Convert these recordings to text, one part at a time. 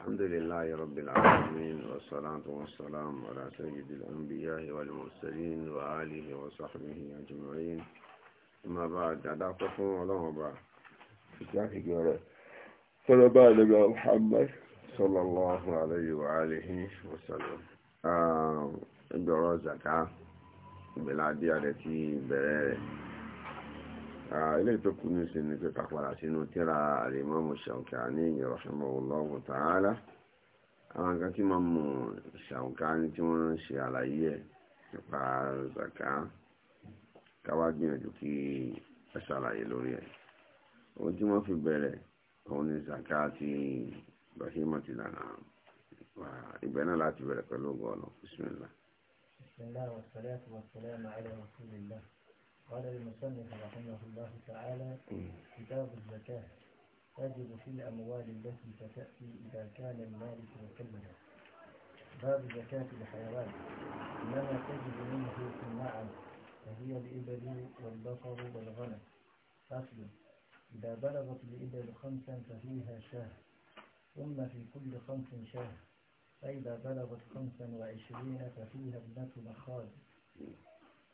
الحمد لله رب العالمين والصلاة والسلام على سيد الأنبياء والمرسلين وآله وصحبه أجمعين ما بعد أدعوكم الله بعد في جارة صلى الله عليه محمد صلى الله عليه وآله وسلم أدعو زكاة بلادي التي بلاره ilé tó kú ní sinmi pé kàpàrà sínú tíra àlèmọ́mù Ṣàwùkàní rahimahullahu ta'ala àwọn kan tí máa mú Ṣàwùkàní tí wọ́n ń ṣe àlàyé ẹ̀ nípa zaka káwá gbìyànjú kí ẹ ṣàlàyé lórí ẹ̀ ohun tí wọ́n fi bẹ̀rẹ̀ òun ni zaka ti bahimati lana ibẹ̀ náà láti bẹ̀rẹ̀ pẹ̀lú ọgọ́ ọ̀nà bismillah. bismillah wa salatu wa salam ala rasulillah. قال المصنف رحمه الله تعالى كتاب الزكاة تجب في الأموال التي ستأتي إذا كان المالك مكلفا باب زكاة الحيوان إنما تجب منه في النعم وهي الإبل والبقر والغنم فصل إذا بلغت الإبل خمسا ففيها شاه ثم في كل خمس شاه فإذا بلغت خمسا وعشرين ففيها ابنة مخاض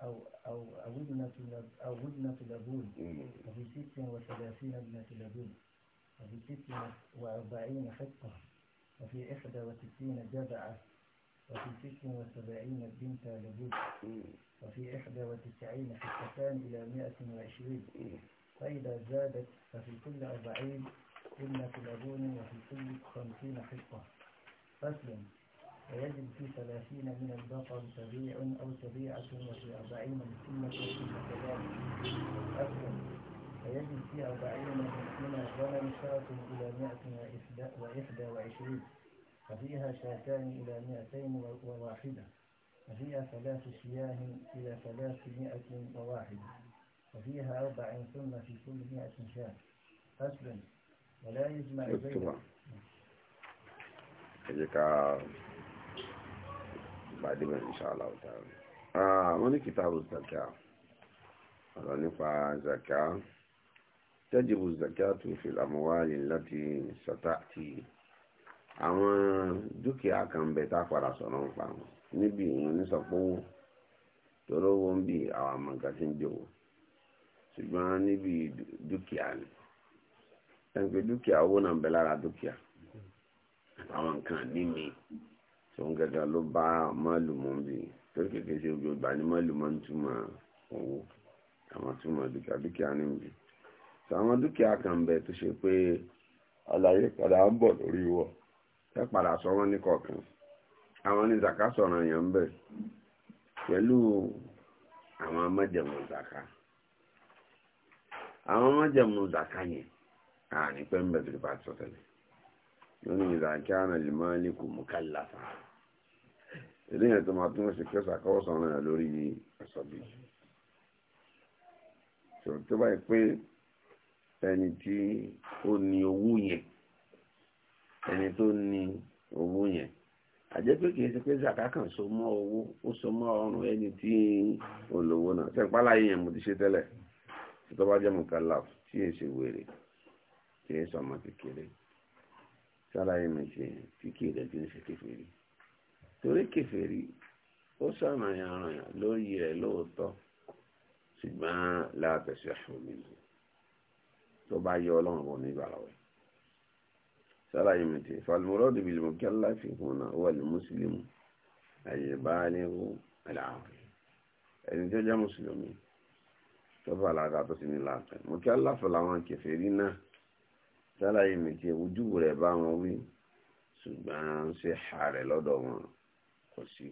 أو أو أو ابنة أو ابنة لبون وفي ست وثلاثين ابنة لبون وفي ست وأربعين حقة وفي إحدى وستين جبعة وفي ست وسبعين بنت لبون وفي إحدى وتسعين حقتان إلى مائة وعشرين فإذا زادت ففي كل أربعين ابنة لبون وفي كل خمسين حطة فصل فيجب في ثلاثين من البقر سبيع أو سبيعة وفي أربعين مسلمة كذلك أكثر فيجب في أربعين من الغنم شاة إلى مائة وإحدى وعشرين وفيها شاتان إلى مائتين وواحدة وفيها ثلاث شياه إلى ثلاثمائة وواحدة وفيها أربع ثم في كل مائة شاة أصلا ولا يجمع بين إذا pàdé mẹ́rin ṣáàlá ọ̀tá rẹ̀ wọ́n ní kìtàbù zaka ọ̀rọ̀ nípa zaka tẹ́jìbù zaka tó fi làmúwálì láti sàtàtì àwọn dúkìá kan bẹ tá a padà sọ̀rọ̀ ń pa wọn níbi ìyẹn ní sọpọ́wọ́ tọ́rọ owó ń bi àwọn àmọ̀ǹkà tí ń jòwó ṣùgbọ́n níbi dúkìá ni ẹnìkan dúkìá owó náà bẹ lára dúkìá àwọn nǹkan ní mi sọ̀n gẹ́gẹ́ ló bá mọ́lùmọ́ bí torí kékeré ṣe gbogbo ìgbà ní mọ́lùmọ́ ń túmọ̀ owó àwọn túmọ̀ dúkìá dúkìá ní ibi sọ àwọn dúkìá kan bẹ tó ṣe pé àlàyé padà ń bọ̀ lórí wọ ẹ padà sọ wọn ní kọ̀ọ̀kan àwọn ní zaka sọ̀rọ̀ yẹn ń bẹ pẹ̀lú àwọn mọ́jẹ̀mú zaka àwọn mọ́jẹ̀mú zaka yẹn àní pẹ́ ń bẹ̀ tó ti bá ti sọ tẹ́lẹ̀ lórí ìdàkánà lèmọ́lẹ́kù mùkàlàfà eléyìn tó máa túnmọ̀ sí kẹsà kọ́wọ́sàn náà lórí ẹ̀sọ́ bí tó báyìí pé ẹni tí ó ní owó yẹn ẹni tó ní owó yẹn àjẹ́ pé kìí ṣe pé zaka kan so mọ́ owó ó so mọ́ ọrùn ẹni tí olówó náà ṣe ń pálá yẹn mo ti ṣe tẹ́lẹ̀ tó bá jẹ́ mùkàlàfà tí èsì wèrè kìí sọmọ kékeré. Salayem ete, pi kede, ti ne se keferi. Tore keferi, o sa maya maya, lo ye, lo oto, si dba la te se a choumizou. To bayo lan koni bon bala we. Salayem ete, falvouro di bil moukalla, fi kouna ou al muslimu, al bali e ou al aouli. El njeja muslimi. To falagato sinil la ten. Moukalla falavan keferina, sálàyé mi ti ojú rẹ̀ bá wọn wí ṣùgbọ́n ṣe ha rẹ̀ lọ́dọ̀ wọn kò sí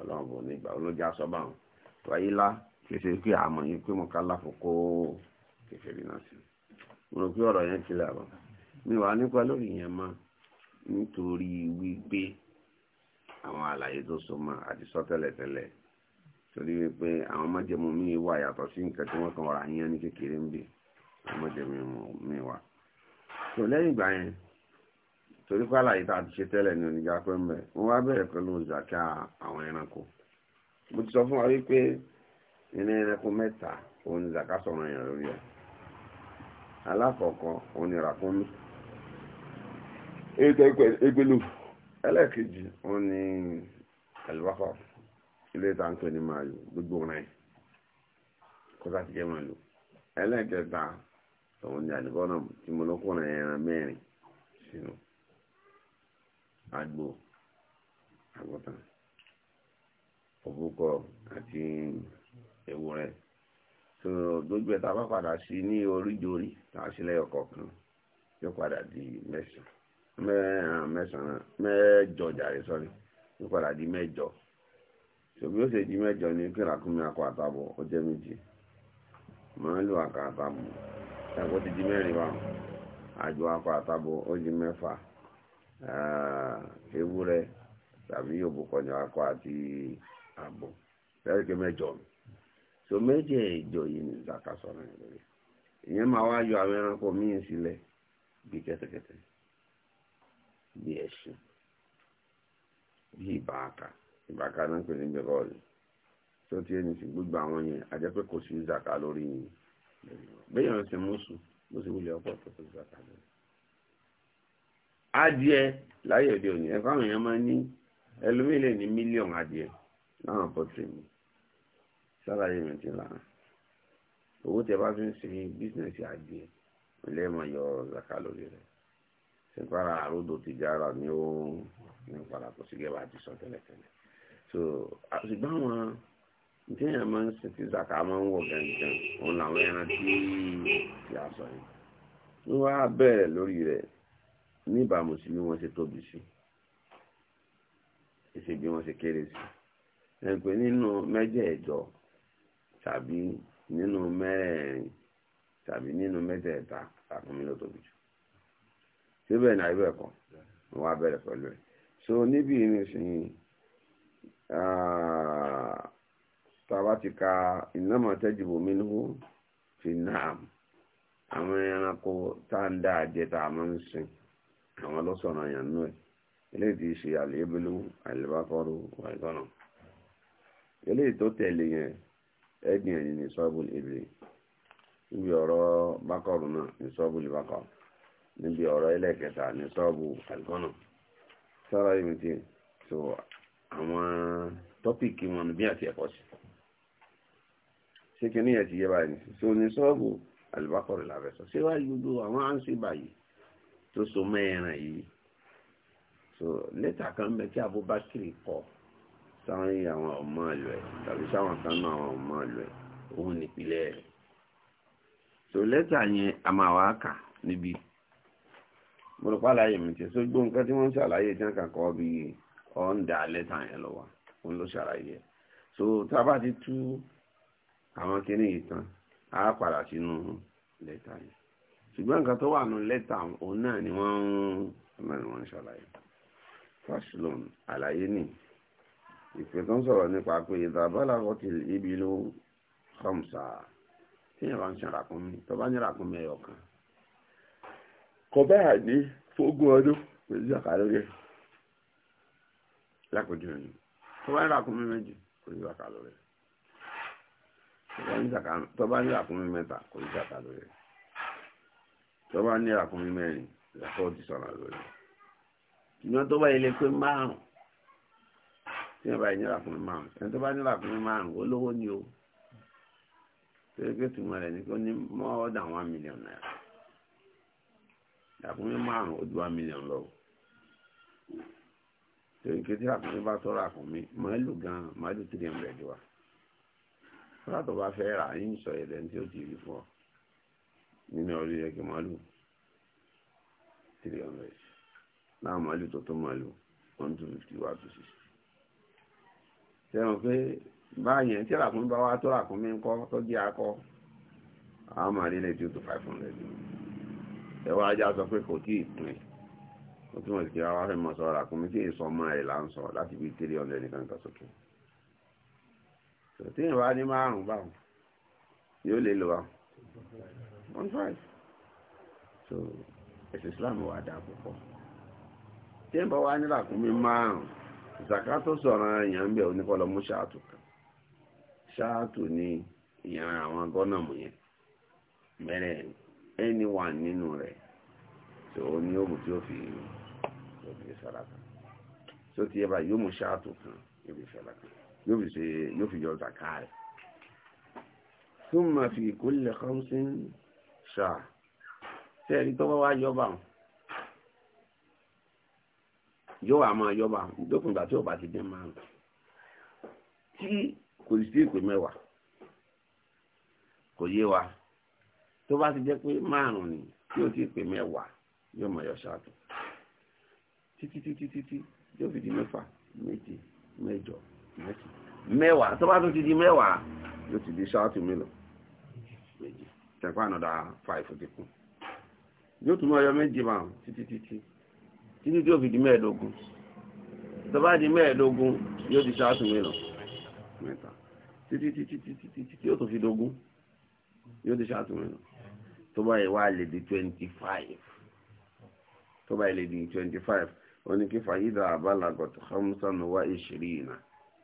ọlọ́run bò ní ìgbà olójà sọ bá wọn wáyé lá kì í ṣe pé àmọ̀ yín pé mo ká láfo kó kẹfẹ́rì náà sí mo rò pé ọ̀rọ̀ yẹn ti àbọ̀ mi wà nípa lórí yẹn mọ́ nítorí wípé àwọn àlàyé tó so mọ́ àti sọ tẹ́lẹ̀tẹ́lẹ̀ torí wípé àwọn májẹ̀mú mi wà yàtọ̀ sí nǹkan tí wọ́n kàn rà yẹn ní kékeré ń bì àwọn mi wà tó lẹ́yìn ìgbà yẹn torí pàlà yìí tá a ti ṣe tẹ́lẹ̀ ní oníjà pé ń bẹ̀ wọ́n wá bẹ̀rẹ̀ pẹ̀lú zaka àwọn ẹranko mo ti sọ fún wa wípé nínú ẹranko mẹ́ta òun zaka sọ̀rọ̀ yẹn lórí ẹ̀ alákọ̀ọ́kọ́ òun ni ràkúnmí ètò ìpèlú ẹlẹ́ẹ̀kejì òun ni àlùbáfà ilé ìta ń pè ní màálù gbogbo rẹ̀ kó sá ti jẹ́ màálù ẹlẹ́ẹ̀kẹta tọ̀hún ní àdìbọ́nà tí mo lọ́kùnrin ẹran mẹ́rin sínú àgbò àgùntàn òbúkọ àti ewúrẹ́ so gbogbo ẹ̀ta bá padà ní oríjorí tá a sì lẹ́yọ̀ kọ̀ọ̀kan yóò padà di mẹ́sàn-án mẹ́ràn mẹ́sàn-án mẹjọ jàre di ṣòbí ó ṣe di ní ẹ̀kọ́ ti di mẹ́rin wa àjọ akọ àtàbọ̀ ó a mẹ́fà ewúrẹ́ tàbí òbúkọ ní akọ àti àbò so meje ẹ̀jọ yìí ní sọ na yẹn lórí ìyẹn máa wá yọ àwọn ẹranko míì sílẹ̀ bí kete bí ẹṣin bí ìbáaka ìbáaka náà ń pè ní bẹ́ẹ̀ bọ́ọ̀lù tó gbogbo zaka bẹ́ẹ̀ yàn ṣe mọ́sù bó ṣe wulẹ̀ ọ̀pọ̀ tó kó zaka lórí. adìẹ láyé òde òní ẹ fáwọn èèyàn máa ní ẹlòmíì lè ní mílíọ̀nù adìẹ láwọn pọ̀tì mi sálàyé mi ti là owó tẹ bá fi ń ṣe bísíǹsì adìẹ ilé mọ̀ yọ zaka lórí rẹ̀ sèpàrà àròdò tìjára ni ó ní padà kò sí gẹ́gẹ́ bá ti sọ tẹ́lẹ̀tẹ́lẹ̀ so ṣùgbọ́n àwọn tí èèyàn máa ń sìn tí zaka máa ń wọ̀ gẹ̀ǹgẹ̀ǹ òun làwọn ẹran tí tí a sọ yìí wọ́n wá bẹ̀rẹ̀ lórí rẹ̀ níbàámu sí bí wọ́n ṣe tóbi sí ìṣe bí wọ́n ṣe kéré sí ẹ̀ pé nínú mẹ́jẹ̀ẹ̀jọ tàbí nínú mẹ́rẹ̀ẹ̀rin tàbí nínú mẹ́tẹ̀ẹ̀ta àkùnmí ló tóbi jù síbẹ̀ náà ibẹ̀ kọ́ wọ́n wá bẹ̀rẹ̀ pẹ̀lú ẹ̀ so níbi ìrìn ìsìn yìí ah, sabatika inama ka ìnáma fi naam àwọn ẹranko taa ń dá àjẹ na ń sìn àwọn nú ẹ̀ eléyìí ti ṣe àlébélú àlébákọ́rú wàlúwàlú eléyìí tó tẹ̀lé yẹn ẹ̀gbìn ẹ̀yìn ní sọ́ọ̀bù ìbí níbi ọ̀rọ̀ bákọ̀rù náà ní sọ́ọ̀bù ìbákọ̀ níbi ọ̀rọ̀ ẹlẹ́kẹta ní sọ́ọ̀bù wọn bí àti ẹ̀kọ́ ṣé kí ní ẹ̀tì yẹ báyìí sí oní sọ́ọ̀bù àlùbákọ̀rẹ̀ làbẹ́sọ ṣé wáyé gbogbo àwọn à ń ṣe báyìí tó so mẹ́rin yìí so lẹ́tà kan ń bẹ tí Abubakar kọ sáwọn àwọn ọmọ ìlú ẹ̀ tàbí sáwọn kan náà àwọn ọmọ ìlú òun nípìnlẹ̀ rẹ̀ so lẹ́tà yẹn a máa wá kà níbi mo rò mi tí sójú nǹkan tí wọ́n ṣàlàyé tí wọ́n kà kọ́ bí ọ̀ ń da lẹ́tà yẹn lọ́wọ́ òun ló ṣàlàyé so tá ti tú àwọn kíní ìtàn á padà sínú lẹ́tà yìí ṣùgbọ́n nǹkan tó wà nù lẹ́tà òun náà ni wọ́n ń náà ni wọ́n ń ṣàlàyé fásilọ́n àlàyé nì ìpè tó ń sọ̀rọ̀ nípa pé ìdàbọ́là ọtí ibi ló kọ́mùsà tí ìyẹn bá ń ṣe ràkúnmí tó bá ní ràkúnmí ẹ̀yọ̀ kan kọ báyà ní fógún ọdún pẹ̀lú ìjàkà lórí ẹ̀ tó bá ní ràkúnmí méjì pẹ̀lú ìjàkà tó bá ní àkúnmí mẹ́ta kò ní ṣàkà lórí rẹ̀ tó bá ní àkúnmí mẹ́rin ẹ̀kọ́ ti sọ̀rọ̀ lórí rẹ̀ ṣùgbọ́n tó bá ilé pé márùn tí wọ́n bá ní àkúnmí márùn ẹni tó bá márùn olówó ni o tó tùmọ̀ rẹ̀ ni kó ní more than one million naira àkúnmí márùn ó ju one million lọ tó yẹ pé tí àkúnmí bá tọ́ra àkúnmí màálù gan màálù three hundred wa látọ̀ bá fẹ́ rà yín sọ ẹ̀dẹ̀ tí ó ti rí fún ọ nínú orí ẹgbẹ̀ màálù three hundred náà màálù tó tó màálù one two fifty one two sixty. sẹ́wọ̀n pé báyẹn tí ràkúnmí bá wá tó ràkúnmí ń kọ́ tó jẹ́ akọ àwọn màálù ilé tí ó tó five hundred. ẹ̀wọ́n ajá sọ pé kò tí ì pín ó túmọ̀ sí pé àwọn afẹ́ mọ̀ sọ ràkúnmí tí èso ọmọ rẹ̀ là ń sọ láti bí three hundred nìkan kan sókè tí ìwà ní márùn-ún báwọn yóò lè lò wá one five so ẹ̀sìn Islam wà dáa púpọ̀ tí ń bọ̀ wá ní làkúnmí márùn-ún ìsàká tó sọ̀rọ̀ èèyàn ń bẹ̀ oníkọlọ mú ṣáàtù kan ṣáàtù ni ìyàrá àwọn gọ́nàmù yẹn mẹ́rẹ̀ ẹni wà nínú rẹ̀ tó ní òmù tí ó fi òbí sàrà kan tó ti yẹ yóò mú ṣáàtù kan ìbí sàrà kan yóò fi ṣe yóò fi yọ zaka rẹ̀ thumma fi kulli khamsin ṣáà tẹ́ẹ̀rí tó bá wá yọba yóò àmọ́ yọba dókun ìgbà tí ò bá ti dín márùn tí kò sí ìpè mẹ́wàá kò yé wa tó bá ti jẹ́ pé márùn ni tí ò ti ìpè mẹ́wàá yóò mọ̀ yọ ṣáàtò títí títí títí yóò fi di mẹ́fà méje mẹ́jọ mẹ́wàá tó bá tún ti di mẹ́wàá yóò ti di ṣáàtù mélòó méjì tẹ̀kọ́ ànàdà fàìfù ti kù yóò tún máa yọ méjì máa títí títí títí tí ó fi di mẹ́ẹ̀ẹ́dógún tó bá di mẹ́ẹ̀ẹ́dógún yóò di ṣáàtù mélòó mẹ́ta títí títí títí títí tí ó tún fi dógún yóò di ṣáàtù mélòó tó bá yẹ wá lè di twenty five tó bá yẹ lè di twenty five oníkífà yídà àbálàgọ̀tò hamsan wa ìṣirí náà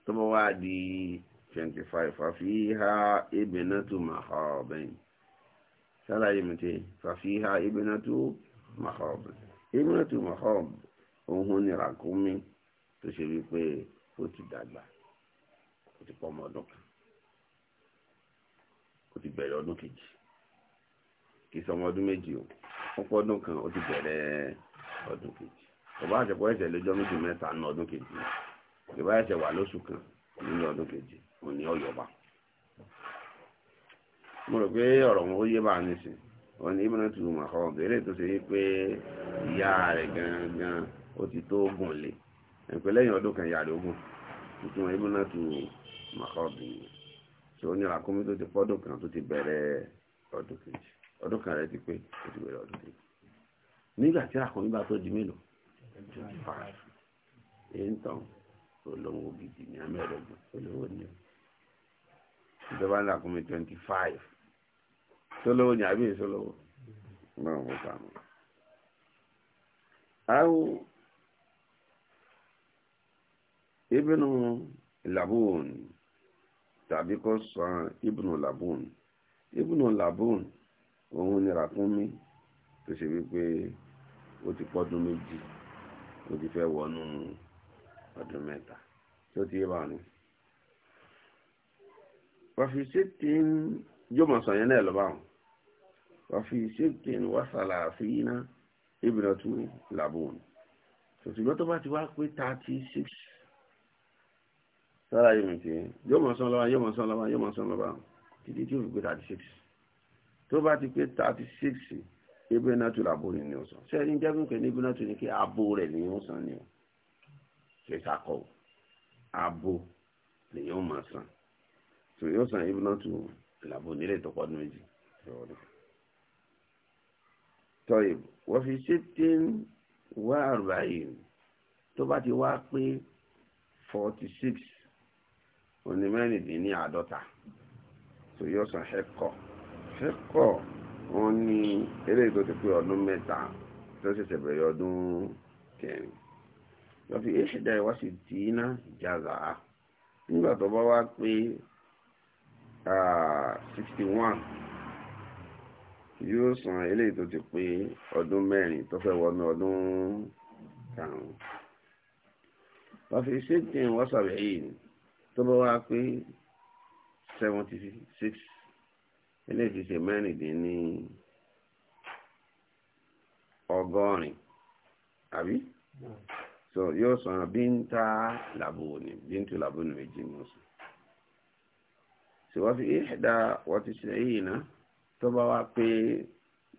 tó bá wá di twenty five fàfihà ibnatu makhrabain sálàyé mi tẹ fàfihà ibnatu makhrabain ibnatu makhrabain òun ni ràkúnmí tó ṣe wípé ó ti dàgbà ó ti pọ̀ ọmọ ọdún kan ó ti bẹ̀rẹ̀ ọdún kejì kì í sọ ọmọ ọdún méjì o ó pọ̀ ọdún kan ó ti bẹ̀rẹ̀ ọdún kejì ọba àṣepọ̀ ẹ̀ṣẹ̀ lójọ́ méjì mẹ́ta ní ọdún kejì ìbá ẹsẹ̀ wà lóṣù kan nínú ọdún kejì òní ọ̀yọ̀ba mo rò pé ọ̀rọ̀ wọn ó yé bá a nísìn wọn ní ibùdó tó mọ̀ ọ́ béèrè tó ṣe wípé ìyá rẹ̀ gangan ó ti tó gùn lé ẹ̀pẹ́ lẹ́yìn ọdún kan ìyá rẹ̀ ó gùn tuntun ibùdó tó mọ̀ ọ́ bìnrin tó ní àkómi tó ti pọ́dún kan tó ti bẹ̀rẹ̀ ọdún kejì ọdún kan rẹ̀ ti pé ó ti bẹ̀rẹ̀ ọdún kejì nígbà tí àkómi bá tó di mélòó olówó gidi ní amẹ́rẹ́gbọ̀n olówó ní o ìjọba ńlá kún mi twenty five sólówó ní àbí ìsólówó náà mo kà mọ́. àwọn ibùnú làbùn tàbí kò sàn ibùnú làbùn ibùnú làbùn òun ni ràkúnmí tó ṣe wípé ó ti pọ́dún méjì ó ti fẹ́ wọnú. No ọdún mẹ́ta tó ti yé báwọn. wàfi sittin jọmọ sọ yẹn náà lọ báwọn wàfi sittin wàsàlà àfihàn ibnatu labun tòṣùgbọ́n tó bá ti wá pé thirty six sára yìí mìtì yóò mọ̀ sán lọ́wọ́ yóò mọ̀ sán lọ́wọ́ yóò mọ̀ sán lọ́wọ́ títí tí ó fi pé thirty six tó bá ti pé thirty six ebi náà tó ni ó sàn ṣé ẹni jẹ́ ní ebi náà tó kí abo rẹ̀ ni ó sàn ni ó kìí sakọ o abo lèyìn ó máa san tó yóò san ibi náà tó làbò nílé ìtọ́pọ̀ ọdún méjì tọ́yì wọ́n fi ṣètìn wá àrùbá yìí tó bá ti wá pé forty six onímẹ́rìndínní àádọ́ta tó yóò san ẹ̀kọ́ ẹ̀kọ́ wọn ní eléyìí tó ti pé ọdún mẹ́ta tó ṣẹ̀ṣẹ̀ bẹ̀rẹ̀ ọdún kẹrin. lọ́fi èṣìdá ìwá sì tí iná ìjàzà á nígbà tó bá wá pé sixty one yóò san eléyìí tó ti pé ọdún mẹ́rin tó fẹ́ wọnú ọdún karùn-ún lọ́fi sèǹtì ìwá sàbẹ̀ yìí tó bá wá pé seventy six so yóò sọ̀rọ̀ bíńtà làbóni bíńtù làbóni méjì mú sùn síwájú ìṣẹ̀dá wọ́tí ṣe yìí ná tó bá wá pé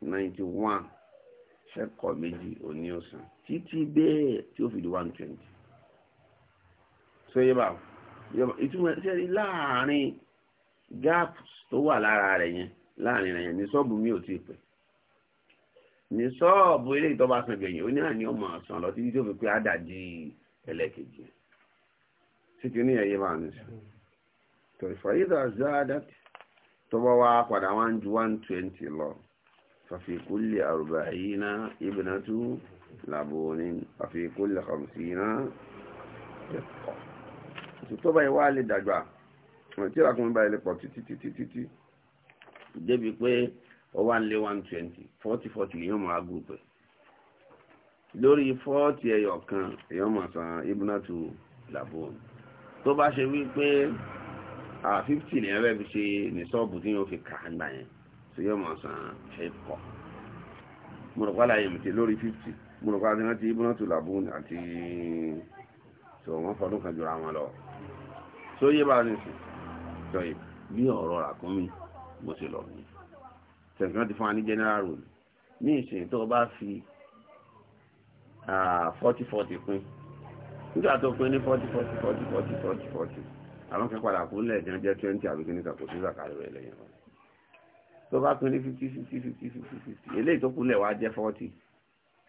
91 ṣẹ́kọ̀ méjì òní ọ̀sán títí bẹ́ẹ̀ tí ó fi di 120 so yẹba ìtumọ̀ ṣe rí láàárín gáàpù tó wà lára rẹ̀ yẹn láàárín rẹ̀ yẹn ní sọ́ọ̀bù mi ò tí ì ní sọ́ọ̀bù ilé ìtọ́ba san gbẹ̀yìn ó ní àní ọmọ ọ̀sán lọ títí tó fi pé àdàdì ẹlẹ́kejì sí kí ní ẹ̀yẹ máa ní sọ tó ìfàyídà záadá tọ́bọ̀ wá padà wá ń ju one twenty lọ fàfi kulli arba'ina ibnatu labunin fàfi kulli khamsina ẹ̀kọ́ tọ́bọ̀ ìwá lè dàgbà tí ìlàkùnrin báyìí lè pọ̀ títí títí débi pé ó wá lé one twenty forty forty lèyàn máa group ẹ̀ lórí forty ẹyọ kan èyàn máa san ibùnàtú làbọ̀n tó bá ṣe wípé fifty lèyàn fẹ́ fi ṣe ní sọ́ọ̀bù tí yóò fi kà á gbà yẹn tó yóò máa san ẹ̀kọ́ mo rò pàdé àyè mìtì lórí fifty mo rò pàdé rántí ibùnàtú làbọ̀n àti tó wọ́n fọdún kan jura wọn lọ tó yé bá a nìsín tó yé bí ọ̀rọ̀ rà kún mi mo ṣe lọ nìyẹn sẹ̀ǹkan ti fún wa ní general rule ní ìsìn tó bá fi forty forty pín nígbà tó pín ní forty forty forty forty forty forty àwọn kan padà kún lẹ́ẹ̀kan jẹ́ twenty àbí kí ní kàkó sí zakari rẹ̀ lẹ́yìn wọn tó bá pín ní fifty fifty fifty fifty fifty eléyìí tó kúnlẹ̀ wá jẹ́ forty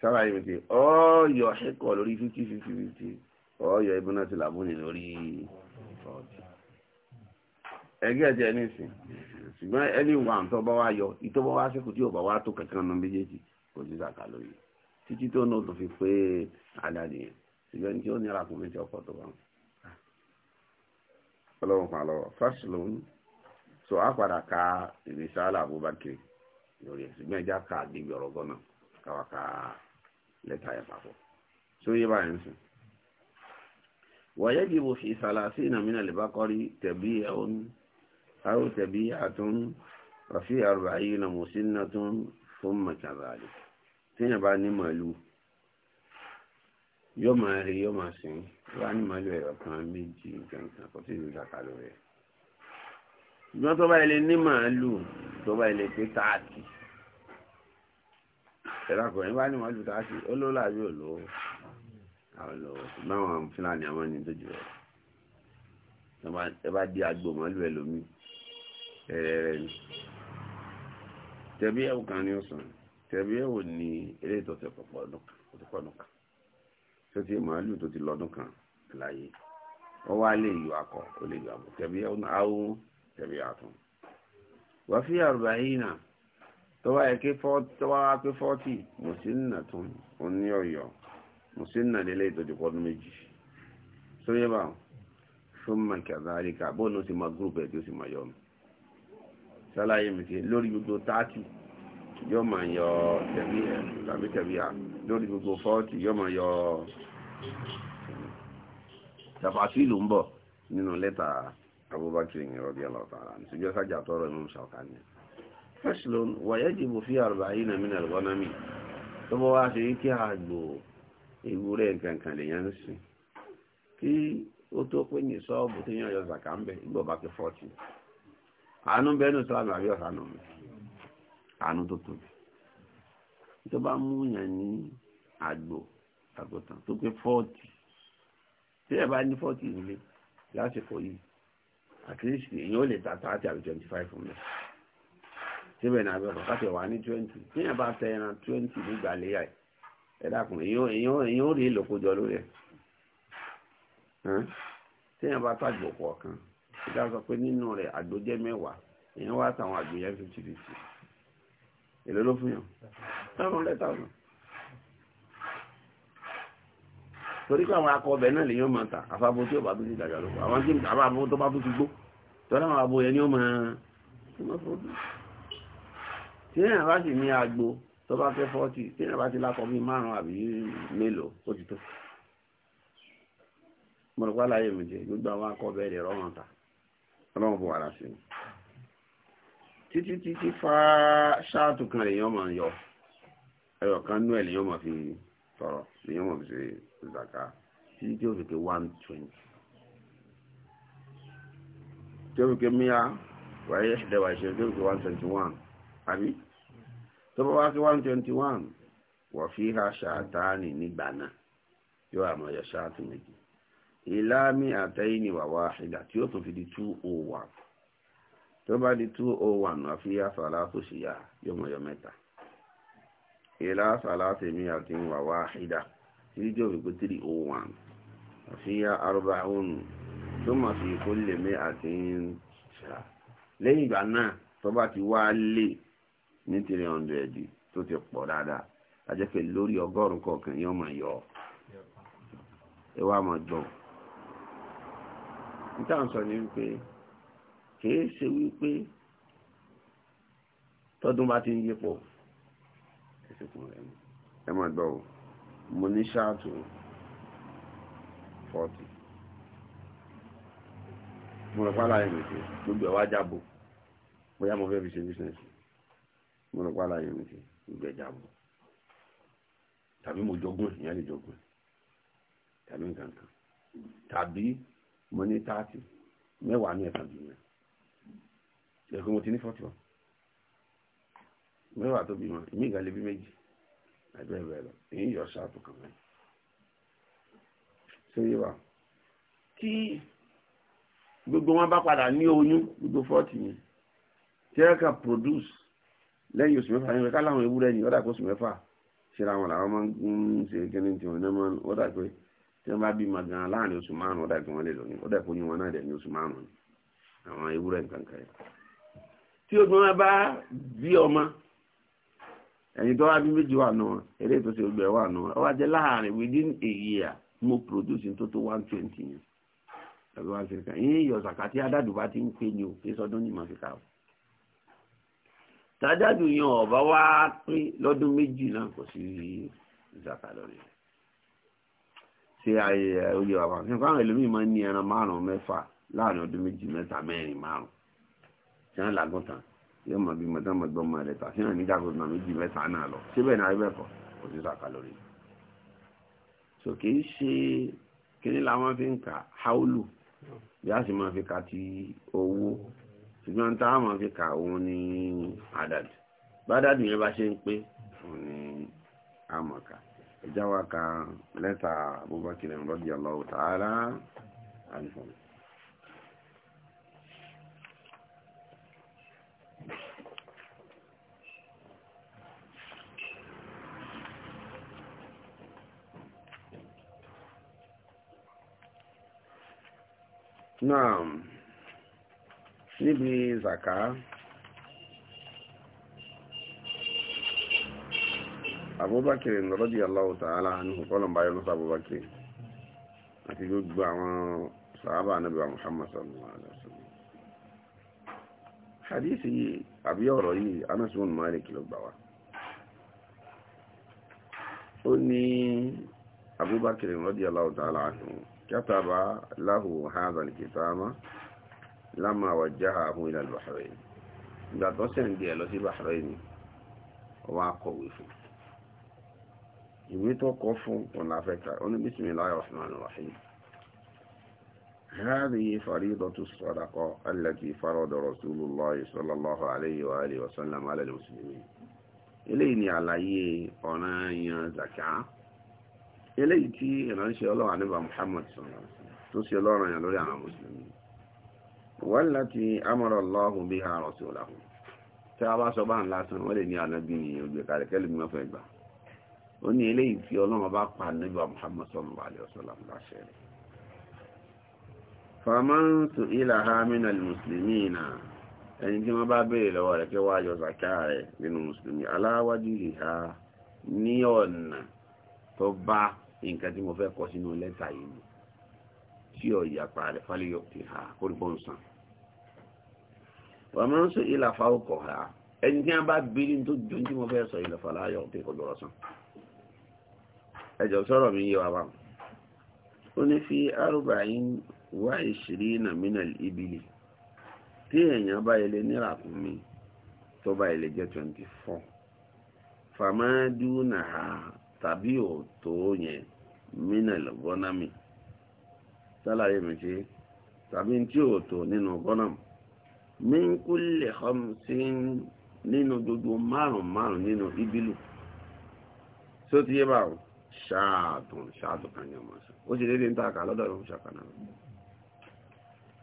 sábà yìí ti ọ̀ọ́yọ̀ ẹ̀kọ́ lórí fifty fifty fifty ọ̀ọ́yọ̀ ibùnà ti làbúni lórí forty. ẹgbẹ́ ẹ̀jẹ̀ ní ìsìn ṣùgbọ́n ẹni wà tó bá wá yọ ìtọ́ bá wá sẹ́kù tí ò wá tó kankan nu méjèèjì kò sí zaka lóye títí tó náà tó fi pé adáde yẹn ṣùgbọ́n tí ó ọkọ̀ tó bá ọlọ́run so a padà ka ìrísàlà Abubakar lórí ẹ̀ ṣùgbọ́n ẹja ka àgbègbè ọ̀rọ̀ gọ́nà káwa lẹ́tà ẹ̀ papọ̀ so yé fi أو تبيعة وفي أربعين مسنة ثم كذلك تين بعد مالو يوم هاري يوم هسين يعني مالو يبقى ميجي كان كنتين ذاكالو ṣùgbọ́n tó bá ilé ní màálù tó bá ilé pé táàtì ìrakọ̀ yẹn bá ní màálù táàtì olóòlà yóò lò ó àwọn lò ó ṣùgbọ́n àwọn fúlàní àwọn ènìyàn tó jù rẹ̀ ẹ bá dé agbo màálù ẹlòmíì Eh, ẹ̀rẹ̀rẹ̀ ni tẹ̀bí ẹ̀wò kan ní ọ̀sán tẹ̀bí ẹ̀wò ní eré ìtọ́sẹ̀ pọ̀pọ̀ ọdún kan tó ti màálù tó ti lọ́dún kan láyé ó wá lè yọ akọ ó lè yọ àbọ̀ tẹ̀bí ẹ̀wò àwọn tẹ̀bí àtún wọ́n fi àrùbá yìí nà tó wáyé pé fọ́tì mùsùlùmí tún òní ọ̀yọ́ mùsùlùmí lélẹ̀ ìtọ́jú pọ́dún méjì sóyè báwọn fún mọ̀kẹ́ àdáríkà bóun ló ti máa gúrùpù ẹ̀ tí ó sì máa yọ ọ́nù. sálàyé mi ti lórí gbogbo táàtì yóò máa yọ tẹ̀bí ẹ̀ eh, tàbí tẹ̀bí à lórí gbogbo fọ́ọ̀tì yóò máa yọ eh, tàfàtì ìlú ń bọ̀ nínú lẹ́tà Abubakar ìyìn rọ́bí ọlọ́tàrà ṣùgbọ́n sájà tọrọ ìmú ṣọ̀kan ni. fẹ́ṣlọ́n wàyẹ́ jìbò fi àrùbáyé nà mínà lọ́nàmì tó bọ́ wá ṣe kí àgbò ewúrẹ́ nǹkankan lèèyàn ń sìn kí ó tó pé ní sọ́ọ̀bù tó yàn yọ zàkà ń bẹ̀ ìgbọ̀ àánú bẹ́ẹ̀nù sọ́làmù àbí ọ̀sánù mi àánú tó tóbi tó bá mú yàn ní àgbò àgùntàn tó pé fọ́ọ̀tì tí ẹ bá ní fọ́ọ̀tì nílé lásìkò yìí at least èyàn ó lè ta thirty àbí twenty five fún mi síbẹ̀ ní abẹ́kọ̀ káṣí wà ní twenty tí yẹn bá tẹ ẹran twenty nígbà léyà ẹ dákun èyàn ó rí èlòkójọ lórí ẹ tí yẹn bá tàgbò kọ̀ọ̀kan ìdá sọ pé nínú rẹ̀ àgbo jẹ́ mẹ́wàá èèyàn wá àtàwọn àgbo yẹn fifty fifty èlò ló fún yàn seven hundred thousand. torí pé àwọn akọ ọbẹ̀ náà lèyàn máa ta àfàbò tí ó bá bíi ìdàgbà lóko àwọn tí àwọn abo tó bá bó ti gbó tọ́lá àwọn abo yẹn ni ó máa tí wọ́n fọ́ bí. tí èèyàn bá sì ní agbo tó bá fẹ́ fọ́ọ̀tì tí èèyàn bá ti lákọ̀ bíi márùn-ún àbí mélòó ó ti tó. mo rò pé àlàyé mi jẹ gbogbo àwọn akọ ọbẹ̀ rẹ̀ rọ́ ta ọlọ́run fún wàrà sí títí títí fa ṣáàtù kan lèyàn máa yọ ẹyọ kan nú ẹ lèyàn fi tọrọ lèyàn máa fi ṣe zaka títí tí ó fi ké one twenty tí ó fi ké mia wáyé ẹ̀dẹ̀wà ìṣẹ̀lẹ̀ tí ó fi ké one twenty one àbí tó bá wá sí one twenty one wọ́n fi ha ṣáàtà ní nígbà náà yóò àmọ́ yọ ṣáàtù méjì ìlàmì àtẹ́yìnì wàwá ìdà tí ó tún fi di 201 tó bá di 201 àfíyà sàlá tó ṣe yá yọmọyọ mẹ́ta ìlà sàlá tèmi àti wàwá ìdà tí ó fi pé 301 àfíyà arúgbà òun tó mọ̀ sí kó lè mẹ́ àti ṣá lẹ́yìn ìgbà náà tó bá ti wá lé ní 300 tó ti pọ̀ dáadáa ajẹ́pẹ̀ lórí ọgọ́rùn-ún kọ̀ọ̀kan yọmọ yọ máa jọun níta ń sọ ní wípé kìí ṣe wípé tọdún bá ti ń yé pọ̀ ẹ mọ̀ gbọ́ o mo ní ṣáàtù 40 mo rọ̀ pálá yẹn nìkan gbogbo ẹ̀ wá jábò bóyá mo fẹ́ fi ṣe bísíǹsì mo rọ̀ pálá yẹn nìkan gbogbo ẹ̀ jábò tàbí mo jogún ìyẹn lè jogún tàbí nǹkan kan tàbí mo ní thirty mẹ́wàá ní ẹ̀kan jù yẹn ṣèkú mo ti ní forty one mẹ́wàá tó bímọ ìmí ìgbà lè bí méjì ẹgbẹ́ rẹ̀ lọ èyí yọ ṣáàpù kan mẹ́rin ṣé yé wa tí gbogbo wọn bá padà ní oyún gbogbo forty yẹn tí ẹ kà produce lẹ́yìn oṣù mẹ́fà yẹn ká ewúrẹ́ ni ọ̀dà kó oṣù mẹ́fà ṣe ra wọn làwọn máa ń ṣe kíni tiwọn náà máa ń pé tí wọ́n bá bímọ gan láàrin oṣù márùn ó dà kí wọ́n lè lóyún ó dà kó yún wọn náà dẹ̀ ní oṣù márùn ni àwọn ewúrẹ́ nǹkan kan yẹn tí obìnrin bá bí ọmọ ẹ̀yin tó wá bí méjì wà nù eré tó ṣe gbẹ wà nù ọ wá jẹ láàrin within a year mo produce tó tó one twenty yẹn tàbí one fifty kan yín iyọ̀ sàkà tí adádùbá ti ń pè ní o kí sọdún ní màfíkà o tàdádù yẹn ọ̀bá wá pín lọ́dún méjì náà kò sí zàkà ṣe oyè wà wà nípa àwọn ẹlòmíì máa ń ní ẹran márùn-ún mẹ́fà láàrin ọdún méjì mẹ́ta mẹ́rin márùn-ún tí wọ́n làgùn tán yóò mọ̀ bí mọ̀tán mọ̀ gbọ́n mọ̀ ẹ̀lẹ́ta tí wọ́n ní dàgbò náà méjì mẹ́ta náà lọ síbẹ̀ náà ibẹ̀ kọ̀ kò sí sàkà lórí. sò kì í ṣe kíní làwọn fi ń kà haúlù bí a sì máa fi kà ti owó ṣùgbọ́n tá a máa fi kà òun ní àdàdì bá dàdì yẹn bá ṣe ń pé òun ní àmọ̀ká. ìjáwá leta lẹ́tà Abubakar radiyallahu ta'ala anhu Naam, nibi zaka Abubakar radiyallahu ta'ala anhu kọ́lọ̀ bá yọ́nà Abubakar àti gbogbo àwọn sàábà anábìwà Muhammad sallallahu alaihi wasallam hadisi yìí àbí ọ̀rọ̀ yìí Anas ibn Malik ló gbà wá ó ní Abubakar radiyallahu ta'ala anhu kataba lahu hadha al-kitaba lama wajjahahu ila al-Bahrain ìwé tó kọ fún òun láfẹ́ka ó ní bismillahi rahmani rahim هذه فريضة الصدقة التي فرض رسول الله صلى الله عليه وآله وسلم على المسلمين eléyìí ni àlàyé ọ̀nà yan zaka eléyìí tí ìránṣẹ́ ọlọ́run àníbà muhammad sọ̀rọ̀ tó ṣe ọlọ́run yàn lórí àwọn mùsùlùmí wọ́n láti amọ̀rọ̀ lọ́hùn bí i àrọ̀sọ̀lá tí a bá sọ bá ń lásán wọ́n lè ní ànábì ní ògbé kàrẹ́kẹ́lì mímọ́fẹ́ gbà ó ní eléyìí tí ọlọ́run bá pa níbi Muhammad sallallahu alaihi wasallam láṣẹ rẹ̀ fàmáǹtù ilà hamina mùsùlùmí na ẹni tí wọ́n bá béèrè lọ́wọ́ rẹ̀ kí wá yọ zàká rẹ̀ nínú mùsùlùmí aláwájú ìhà ní ọ̀nà tó bá nǹkan tí mo fẹ́ kọ sínú lẹ́tà yìí tí ọ̀yà pàrẹ̀ fálẹ́yọ̀ ti ha kórìbọ̀n sàn wọ́n máa ń sọ ìlà fáwọkọ̀ ha ẹni tí wọ́n bá bírí tó ju tí mo fẹ́ sọ ìlà fàlàyọ̀ tí kò ẹjọ́ sọ̀rọ̀ mi yé wa wa ó ní fi arúbáyín wá ìṣirí nàmínà ìbílẹ̀ tí èèyàn bá ilé ní ràkúnmí tó bá ilé jẹ́ 24 fàmádú nàá tàbí òtó yẹn mínà lọ́gọ́námì sálàyé mi ṣe tàbí tí òtó nínú gọ́nàmù min kulli khamsin gbogbo márùn márùn nínú ibilu tí ó ti ṣáàtùn ṣáàtùn kan ní ọmọ sọ ó sì dédé ń ta àkà lọ́dọ̀ ìrùn ṣàkànà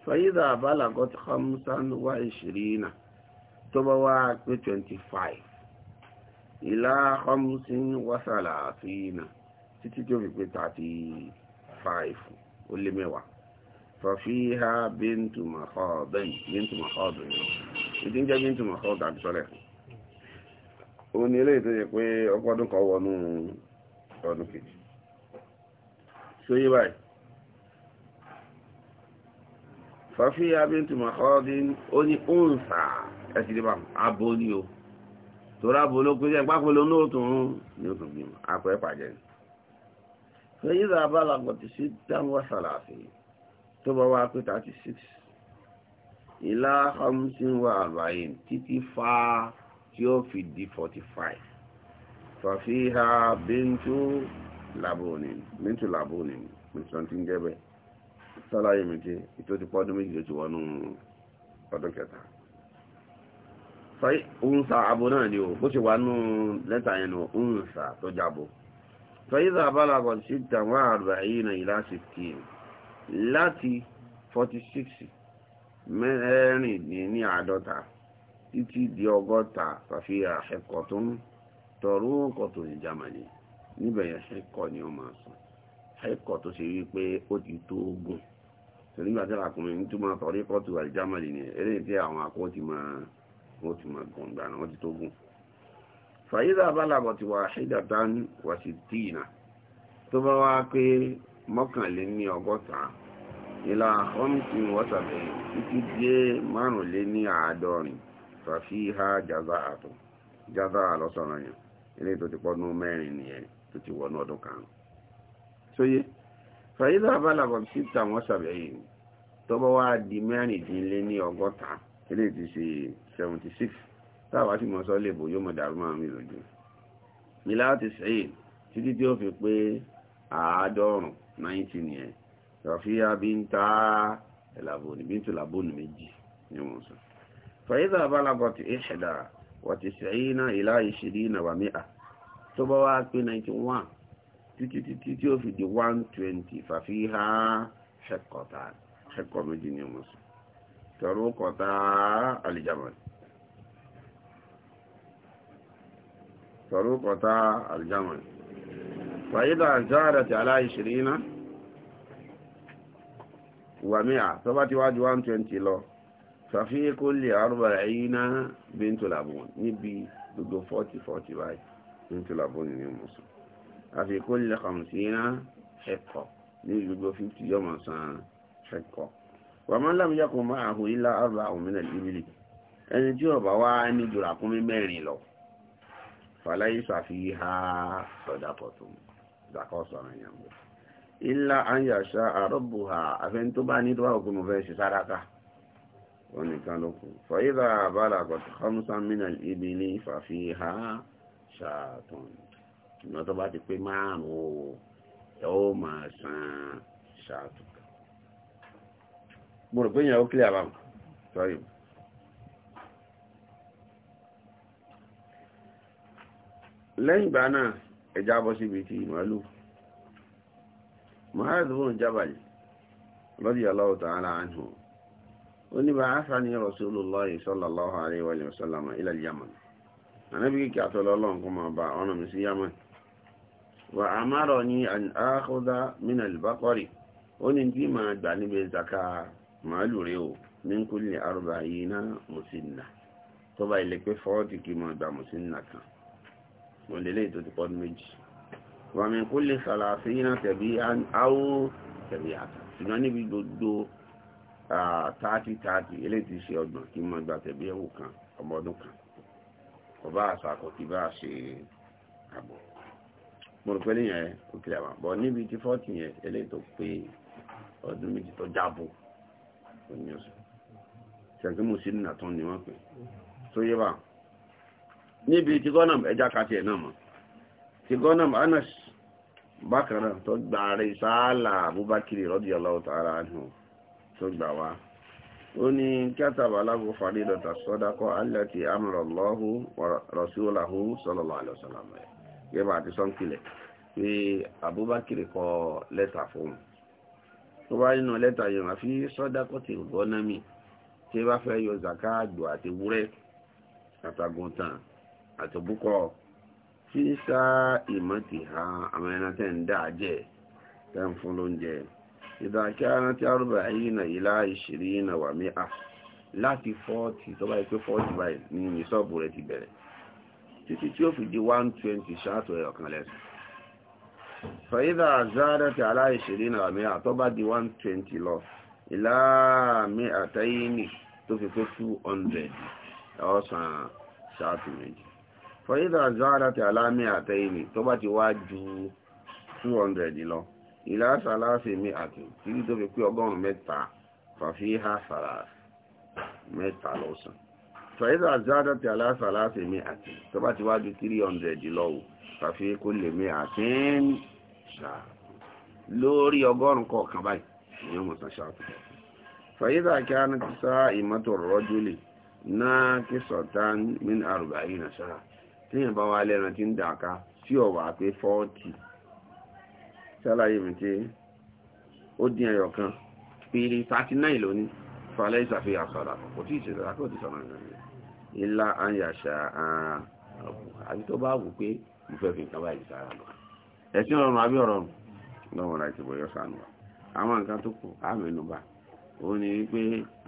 fàyídà àbálàgọ́ ti khamsan wá ìṣìrìnà tó bá wá pé 25 ìlà khamsin wá sàlàfínà títí tó fi pé 35 ó lé mẹ́wàá fàfíhà bíntù mọ̀kọ́ọ̀bẹ̀n bíntù mọ̀kọ́ọ̀bẹ̀n ìdíjẹ́ bíntù mọ̀kọ́ọ̀bẹ̀n àbísọ́lẹ̀ òun ni ilé ìtọ́jẹ́ pé ọgbọ́dún kan wọnú ọdún kejì ṣóyé báyìí fàfí abintu makhọ́dín ó ní oúnsà ẹ̀sìdìbà abo ní o torí abo ló pín jẹ́ pápolo nóòtún ní oṣù gbìmọ̀ akọ ẹ̀ pàjẹ́ fẹ́yìnlá abálàgbọ̀ ti sí dáwọ́ sàlàfí tó bá wá pé 36 ìlà hamsin wà àbáyé títí fa tí ó fi di 45 fàfíhà bíntú làbóni bíntú làbóni mìtìlọ́n ti ń jẹ́ bẹ́ẹ̀ sọ́láyé mi ti ètò ti pọ́dún méjì ló ti wọnú ọdún kẹta ounsa abo náà ni o bó ti wà nú lẹ́tà yẹn nù ounsa tó jábo fẹ́yìntà abálàgọ̀ sí tàwọn àrùbà yìí nà ìlà 16 láti 46 mẹ́rin ní àádọ́ta títí di ọgọ́ta fàfihàn ẹ̀kọ́ tó ń tọrọ ọkọ̀ tó ní Germany níbẹ̀ yẹn ṣẹ́kọ̀ ni ó máa sọ ṣẹ́kọ̀ tó ṣe ó ti tó ogun torí nígbà tí àkùnrin ní tọrí Germany ni eléyìí tí àwọn akọ́ ti máa ti máa gùn gbà náà ogun. fàyídà ti wà tán wà sí tó bá wá pé mọ́kànléní ọgọ́ta ìlà títí dé márùnléní àádọ́rin jaza àtọ̀ jaza àlọ́sọ̀rọ̀ yẹn ilé tó ti pọ́nú mẹ́rin nìyẹn tó ti wọnú ọdún karùn-ún sóyé fàyídà abálàbọ̀ síta wọn sàbẹ̀yìn tó bá wá di mẹ́rìndínlé ní ọgọ́ta ilé ti ṣe six. táwa sì mọ́ sọ́lé ìbò yóò mọ̀ dàrú máa mi lójú nílá ti sẹ́yìn títí tí ó fi pé àádọ́rùn 90 nìyẹn rọ̀fíà bí ń ta ẹ̀làbọ̀nì bí ń tò làbọ̀nì méjì ni wọ́n sọ fàyídà abálàbọ̀ ti ẹ̀ṣẹ̀dà wàtìsẹ̀yìnà ìlà ìṣìrìnà wà mí à tó bá wá pé 91 títí títí tí ó fi di 120 fàfíhà ṣẹkọ̀tà ṣẹkọ̀ méjì ní ọmọ sùn tọrọ kọ̀tà àlìjàmọ̀ fàyídà záàdà tí àlà ìṣìrìnà wà mí à tó bá ti wá 120 lọ fàfíyé kó lè àrùbà ẹ̀yìn náà bí n tó làbọ̀ níbi gbogbo 40-40 báyìí bí n tó làbọ̀ nínú mùsùlùmí àfi kó lè kàmùsí náà ẹ̀kọ́ ní gbogbo 50 yọmọ san ẹ̀kọ́ wà máa ń lábíyá kó máa àhùn ilá àrùbà òmìnà ìbílẹ̀ ẹni tí ọba wá ní jùràkúnmí mẹ́rin lọ fàlàyé sàfihàn sọ̀dàpọ̀ tó dàkọ́ sọ̀rọ̀ ìyàwó ilá àyàṣà àrọ́bùhà onìkan ló kù fọ́yídà àbálà àkọ́tù khamsa minal ibili fàfihà ṣàtọ̀n ìgbà tó bá ti pé márùn-ún ẹ̀ ó máa san ṣàtùkà mo rò pé yẹn kílẹ̀ àbáwọn sọ́rí lẹ́yìn ìgbà náà ẹja bọ́ síbi ti ìmọ̀lú Mu'adh bin Jabal radiyallahu ta'ala anhu oníbàáfàní Rasulullah sallallahu alaihi wa sallam ila al-Yaman ànábì kí àtọ́lọ́ ọlọ́run kó máa bá ọ̀nà mi Yaman wa amarani an akhudha min al-baqari onye ji ma máa zaka ma o min kulli arba'ina musinna tó bá ilẹ̀ pé fọ́ọ̀tì kí ma gba musinna kan mo lè léyìí ti wa min kulli salasina tabi'an aw tabi'atan bi gbogbo tààtì tààtì eléyìí ṣe ọgbọ̀n kí mọ́ ìgbà tẹ̀bí ẹ̀wò kan ọmọ ọdún kan ọba àṣàkọ ti bá ṣe àbọ̀ mo rò pé níyẹn ó kìlẹ̀ wà bọ̀ níbi tí fọ́ọ̀tì yẹn eléyìí tó pé ọdún méjì tó jábọ̀ òní ọ̀sán ṣẹ̀ǹkì mo sì nà tán ni wọ́n pè tó yé bá níbi tí gọ́nàm ẹja kàtì ẹ̀ náà mọ̀ tí gọ́nàm Anas bákan náà tó tó gbà wá ó ní kẹtàbà aláwọ̀ fàdídọ̀tà sọ́dákọ́ alẹ́tì amúrọ̀lọ́hù rọ̀síwòláhù sọ́lọ́lọ́ àlọ́sọ́lámẹ́ yẹ́bà àti sọ́nkìlẹ̀ pé Abubakar kọ lẹ́tà fún tó bá nínú lẹ́tà yìí wọ́n fi sọ́dákọ́ ti gọ́námì tí bá sá ìmọ̀tì ha àwọn ẹran tẹ́ ń dá jẹ́ tẹ́ ń fún lóúnjẹ إذا كانت أربعين إلى عشرين ومئة láti fọ́ọ̀tì tó bá yẹ pé fọ́ọ̀tì báyìí ní ìṣọ́ọ̀bù rẹ̀ ti bẹ̀rẹ̀ títí tí ó fi di 120 ṣáàtò ẹ̀yọ̀ kan lẹ́sùn fẹ̀yìdà zádà tí aláìṣeré náà mi àtọ́ bá di 120 lọ ìlàmí àtẹ́yìnì tó fi pé 200 ọ̀sán ṣáàtò méjì fẹ̀yìdà zádà tí aláìṣeré náà tó bá ti wá ju 200 lọ ìlà sàlásì mi àti títí tó fi pé ọgọ́rùn-ún mẹ́ta ha sàlásì mẹ́ta lọ́sàn fàíza àzádà tí àlá sàlásì mi àti tó bá ti wá ju 300 lọ́wọ́ fàfí kó lè mi àti ń ṣà lórí ọgọ́rùn-ún kọ̀ọ̀kan báyìí ìyẹn mọ̀ sàn ṣáàtù fàíza kí a ní ti sá ìmọ́tò rọ́jú lè náà kí sọ̀tán min àrùbáyé nà ṣáà tí yẹn bá wá lẹ́ran tí ń tí ọ̀wà pé 40 ṣàlàyé mi tí ó dín ẹyọ kan péré 39 lónìí falẹ́ ìṣàfihàn sọ̀rọ̀ àkọ́kọ́ tí ìṣẹ̀lẹ̀ àkọ́kọ́ ti sọ̀rọ̀ ìrìnàjò ilá àyàṣà àbù àbí tó bá wù pé mo fẹ́ fi nǹkan báyìí sára lọ ẹ̀sìn ọ̀run àbí ọ̀rọ̀ lọ́wọ́ láti bọ̀ yọ sànù wa àwọn nǹkan tó kù àmẹ́nubà ó ní wípé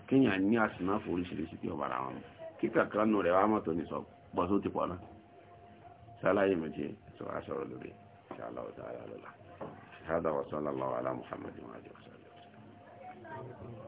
kéèyàn ní àsìnáfò oríṣiríṣi tí ọba ara wọn kíkà kanú rẹ̀ wá mọ́tò ní sọ pọ̀ tó ti pọ̀ náà ṣáláyé méjì sọ aṣọ lórí ṣáláwọ̀ tó lọ́la هذا وصلى الله على محمد وعلى اله وسلم